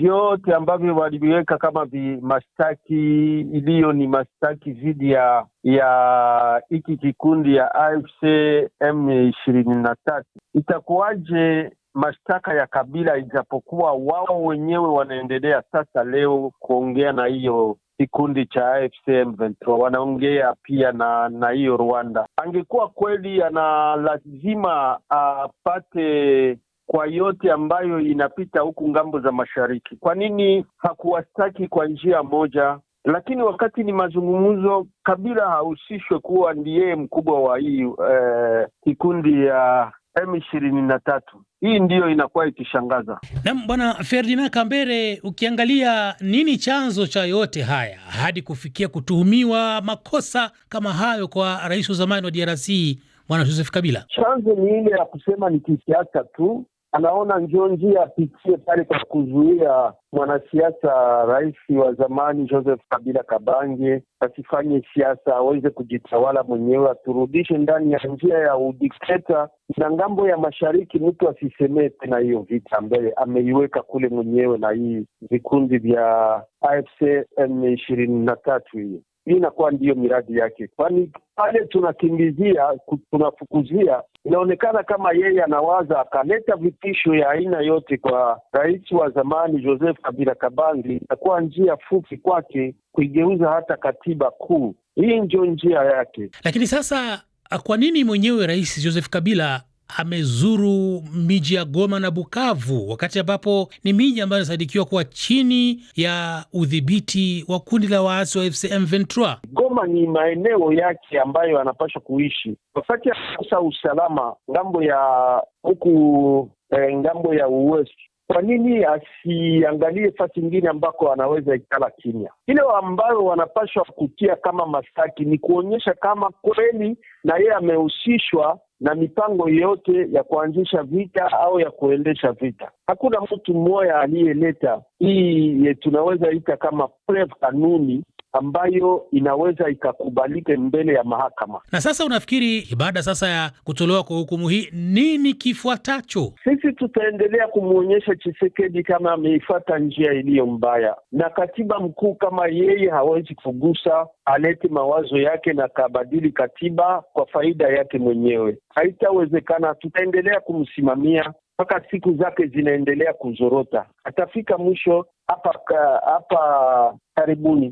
vyote ambavyo waliviweka kama mashtaki iliyo ni mashtaki dhidi ya ya hiki kikundi ya AFC M ishirini na tatu, itakuwaje mashtaka ya kabila, ijapokuwa wao wenyewe wanaendelea sasa leo kuongea na hiyo kikundi cha AFC M23 wanaongea pia na na hiyo Rwanda. Angekuwa kweli ana lazima apate kwa yote ambayo inapita huku ngambo za mashariki. Kwa nini hakuwastaki kwa njia moja? Lakini wakati ni mazungumzo, Kabila hahusishwe kuwa ndiye mkubwa wa hii eh, kikundi ya M ishirini na tatu. Hii ndiyo inakuwa ikishangaza. Naam, Bwana Ferdinand Kambere, ukiangalia nini chanzo cha yote haya hadi kufikia kutuhumiwa makosa kama hayo kwa rais wa zamani wa DRC Bwana Joseph Kabila? Chanzo ni ile ya kusema ni kisiasa tu, anaona njoo njia apitie pale kwa kuzuia mwanasiasa rais wa zamani Joseph Kabila Kabange asifanye siasa, aweze kujitawala mwenyewe, aturudishe ndani ya njia ya udikteta, na ngambo ya mashariki mtu asisemee tena hiyo vita ambaye ameiweka kule mwenyewe na hii vikundi vya AFC M ishirini na tatu hiyo hii inakuwa ndiyo miradi yake, kwani pale tunakimbizia tunafukuzia, inaonekana kama yeye anawaza akaleta vitisho ya aina yote kwa rais wa zamani Joseph Kabila kabangi itakuwa njia fupi kwake kuigeuza hata katiba kuu. Hii ndio njia yake. Lakini sasa, kwa nini mwenyewe rais Joseph Kabila amezuru miji ya Goma na Bukavu, wakati ambapo ni miji ambayo inasadikiwa kuwa chini ya udhibiti wa kundi la waasi wa AFC M23. Goma ni maeneo yake ambayo anapashwa kuishi, wakati akosa usalama ngambo ya huku eh, ngambo ya uwesi kwa nini asiangalie fasi ingine ambako anaweza ikala kimya? Ile ambayo wanapashwa kutia kama mastaki ni kuonyesha kama kweli na yeye amehusishwa na mipango yote ya kuanzisha vita au ya kuendesha vita. Hakuna mtu mmoja aliyeleta hii tunaweza ita kama preve kanuni ambayo inaweza ikakubalike mbele ya mahakama. Na sasa unafikiri baada sasa ya kutolewa kwa hukumu hii nini kifuatacho? Sisi tutaendelea kumwonyesha Chisekedi kama ameifata njia iliyo mbaya, na katiba mkuu kama yeye hawezi kugusa, alete mawazo yake na kabadili katiba kwa faida yake mwenyewe, haitawezekana. Tutaendelea kumsimamia mpaka siku zake zinaendelea kuzorota, atafika mwisho hapa hapa karibuni